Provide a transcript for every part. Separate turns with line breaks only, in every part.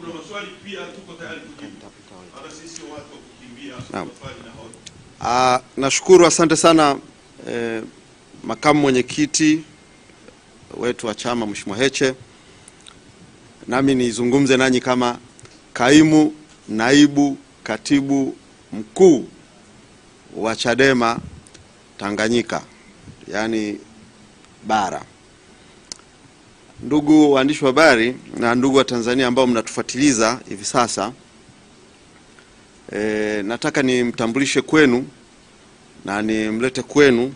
kuna maswali pia tuko tayari kujibu. Ana sisi watu wa kukimbia maswali na hoja.
Ah, nashukuru asante sana eh, makamu mwenyekiti wetu wa chama Mheshimiwa Heche, nami nizungumze nanyi kama kaimu naibu katibu mkuu wa Chadema Tanganyika, yaani bara. Ndugu waandishi wa habari na ndugu wa Tanzania ambao mnatufuatiliza hivi sasa, e, nataka nimtambulishe kwenu na nimlete kwenu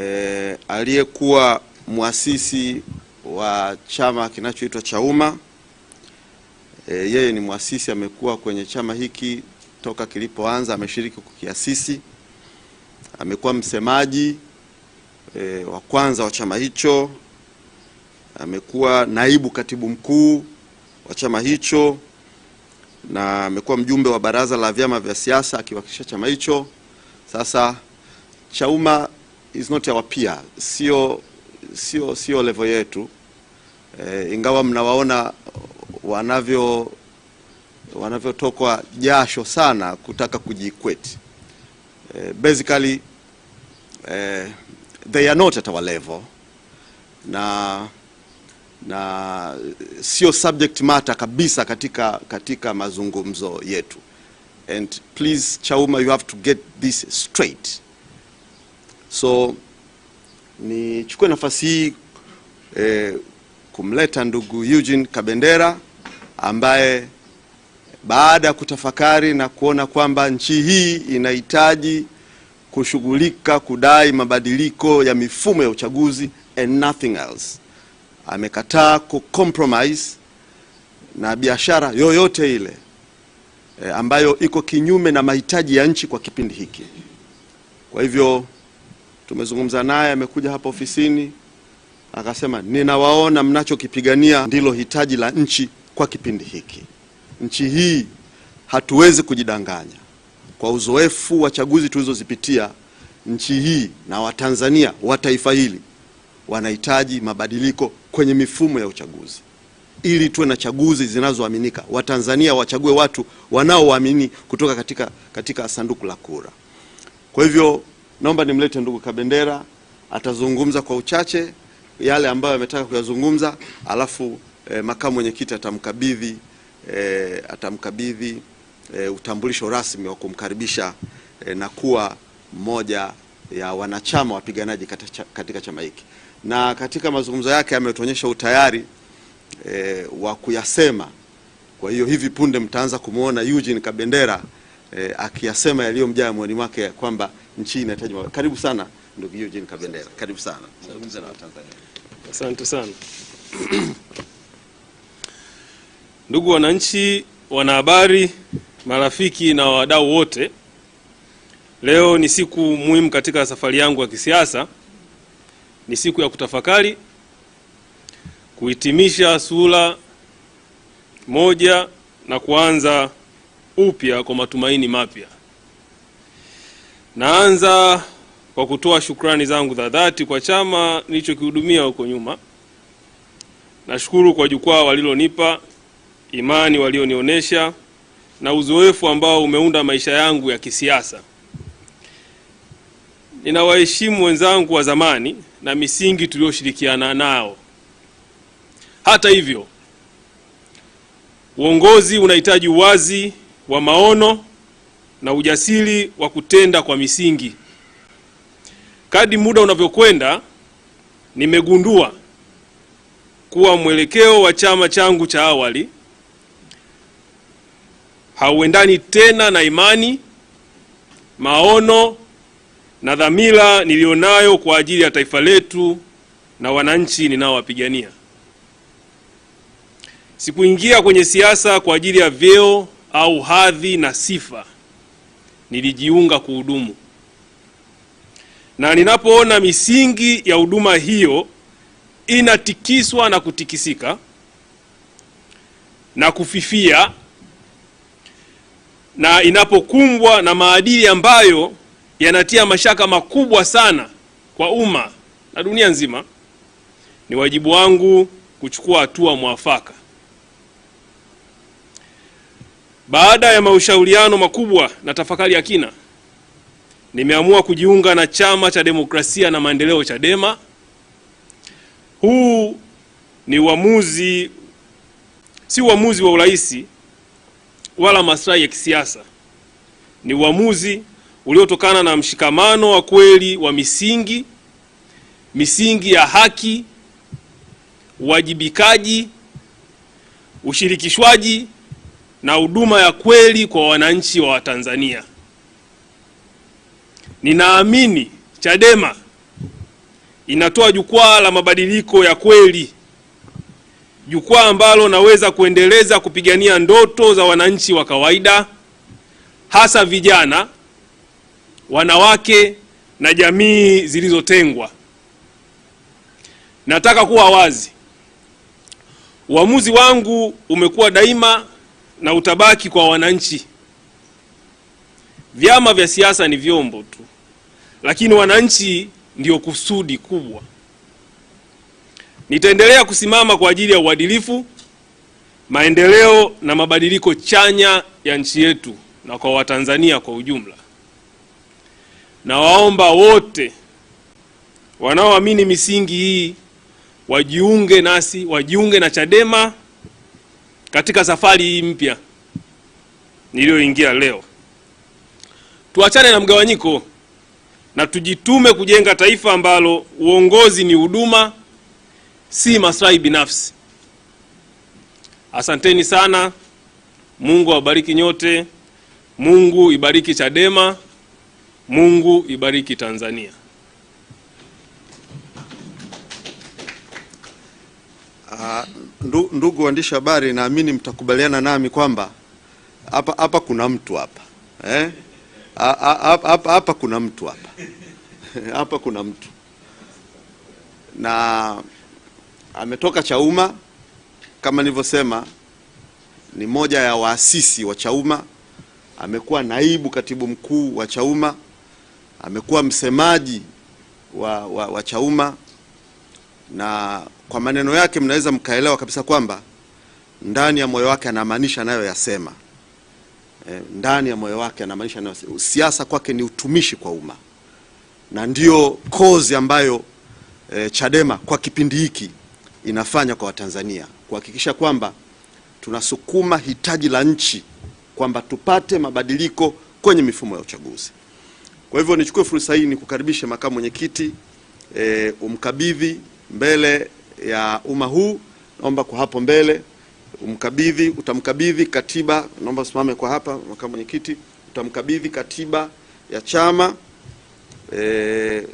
e, aliyekuwa mwasisi wa chama kinachoitwa Chauma. E, yeye ni mwasisi, amekuwa kwenye chama hiki toka kilipoanza, ameshiriki kukiasisi, amekuwa msemaji e, wa kwanza wa chama hicho amekuwa naibu katibu mkuu wa chama hicho na amekuwa mjumbe wa baraza la vyama vya siasa akiwakilisha chama hicho. Sasa Chauma is not our peer, sio sio sio levo yetu e, ingawa mnawaona wanavyo wanavyotokwa jasho sana kutaka kujikweti e, eh, basically e, they are not at our level na na sio subject matter kabisa katika, katika mazungumzo yetu. And please Chauma, you have to get this straight. So nichukue nafasi hii eh, kumleta ndugu Eugene Kabendera ambaye baada ya kutafakari na kuona kwamba nchi hii inahitaji kushughulika kudai mabadiliko ya mifumo ya uchaguzi and nothing else amekataa kucompromise na biashara yoyote ile e, ambayo iko kinyume na mahitaji ya nchi kwa kipindi hiki. Kwa hivyo tumezungumza naye, amekuja hapa ofisini akasema, ninawaona mnachokipigania ndilo hitaji la nchi kwa kipindi hiki. Nchi hii hatuwezi kujidanganya, kwa uzoefu wa chaguzi tulizozipitia nchi hii na Watanzania wa taifa hili wanahitaji mabadiliko kwenye mifumo ya uchaguzi ili tuwe na chaguzi zinazoaminika, Watanzania wachague watu wanaowaamini kutoka katika, katika sanduku la kura. Kwa hivyo naomba nimlete ndugu Kabendera, atazungumza kwa uchache yale ambayo ametaka kuyazungumza, alafu eh, makamu mwenyekiti atamkabidhi eh, atamkabidhi eh, utambulisho rasmi wa kumkaribisha eh, na kuwa mmoja ya wanachama wapiganaji katika chama hiki na katika mazungumzo yake ametuonyesha utayari e, wa kuyasema. Kwa hiyo hivi punde mtaanza kumwona Eugene Kabendera e, akiyasema yaliyomjaa moyoni mwake kwamba nchi inahitaji. Karibu sana ndugu Eugene Kabendera, karibu sana zungumza na Watanzania.
Asante sana ndugu wananchi, wanahabari, marafiki na wadau wote, leo ni siku muhimu katika safari yangu ya kisiasa ni siku ya kutafakari kuhitimisha sura moja na kuanza upya kwa matumaini mapya. Naanza kwa kutoa shukrani zangu za dhati kwa chama nilichokihudumia huko nyuma. Nashukuru kwa jukwaa walilonipa, imani walionionyesha na uzoefu ambao umeunda maisha yangu ya kisiasa ninawaheshimu wenzangu wa zamani na misingi tuliyoshirikiana nao. Hata hivyo, uongozi unahitaji uwazi wa maono na ujasiri wa kutenda kwa misingi. Kadri muda unavyokwenda, nimegundua kuwa mwelekeo wa chama changu cha awali hauendani tena na imani, maono na dhamira niliyonayo kwa ajili ya taifa letu na wananchi ninaowapigania. Sikuingia kwenye siasa kwa ajili ya vyeo au hadhi na sifa, nilijiunga kuhudumu, na ninapoona misingi ya huduma hiyo inatikiswa na kutikisika na kufifia na inapokumbwa na maadili ambayo yanatia mashaka makubwa sana kwa umma na dunia nzima, ni wajibu wangu kuchukua hatua mwafaka. Baada ya maushauriano makubwa na tafakari ya kina, nimeamua kujiunga na Chama cha Demokrasia na Maendeleo, Chadema. Huu ni uamuzi, si uamuzi wa urahisi wala maslahi ya kisiasa, ni uamuzi uliotokana na mshikamano wa kweli wa misingi misingi ya haki, uwajibikaji, ushirikishwaji na huduma ya kweli kwa wananchi wa Tanzania. Ninaamini Chadema inatoa jukwaa la mabadiliko ya kweli, jukwaa ambalo naweza kuendeleza kupigania ndoto za wananchi wa kawaida, hasa vijana wanawake na jamii zilizotengwa. Nataka kuwa wazi, uamuzi wangu umekuwa daima na utabaki kwa wananchi. Vyama vya siasa ni vyombo tu, lakini wananchi ndio kusudi kubwa. Nitaendelea kusimama kwa ajili ya uadilifu, maendeleo na mabadiliko chanya ya nchi yetu na kwa Watanzania kwa ujumla na waomba wote wanaoamini misingi hii wajiunge nasi, wajiunge na Chadema katika safari hii mpya niliyoingia leo. Tuachane na mgawanyiko na tujitume kujenga taifa ambalo uongozi ni huduma, si maslahi binafsi. Asanteni sana. Mungu awabariki nyote. Mungu ibariki Chadema. Mungu ibariki Tanzania.
Uh, ndu, ndugu waandishi habari, naamini mtakubaliana nami kwamba hapa hapa kuna mtu hapa eh? Hapa kuna mtu hapa hapa kuna mtu na ametoka Chauma. Kama nilivyosema, ni moja ya waasisi wa Chauma, amekuwa naibu katibu mkuu wa Chauma amekuwa msemaji wa, wa, wa Chauma na kwa maneno yake mnaweza mkaelewa kabisa kwamba ndani ya moyo wake anamaanisha anayoyasema. E, ndani ya moyo wake anamaanisha nayo Siasa kwake ni utumishi kwa umma na ndiyo kozi ambayo e, Chadema kwa kipindi hiki inafanya kwa Watanzania kuhakikisha kwamba tunasukuma hitaji la nchi kwamba tupate mabadiliko kwenye mifumo ya uchaguzi. Kwa hivyo nichukue fursa hii ni kukaribisha makamu mwenyekiti e, umkabidhi mbele ya umma huu. Naomba kwa hapo mbele umkabidhi, utamkabidhi katiba. Naomba usimame kwa hapa, makamu mwenyekiti, utamkabidhi katiba ya chama e,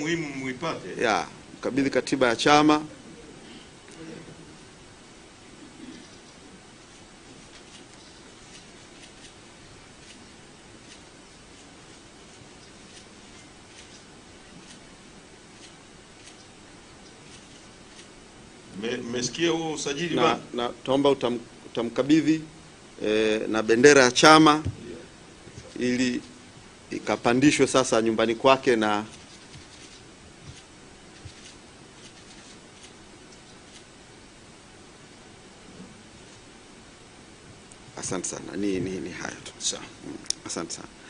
muhimu muipate
ya mkabidhi katiba ya chama.
Mmesikia huo usajili na,
na tuomba utam, utamkabidhi e, na bendera ya chama ili ikapandishwe sasa nyumbani kwake na asante sana. Ni, ni, ni hayo tu. Mm, asante sana.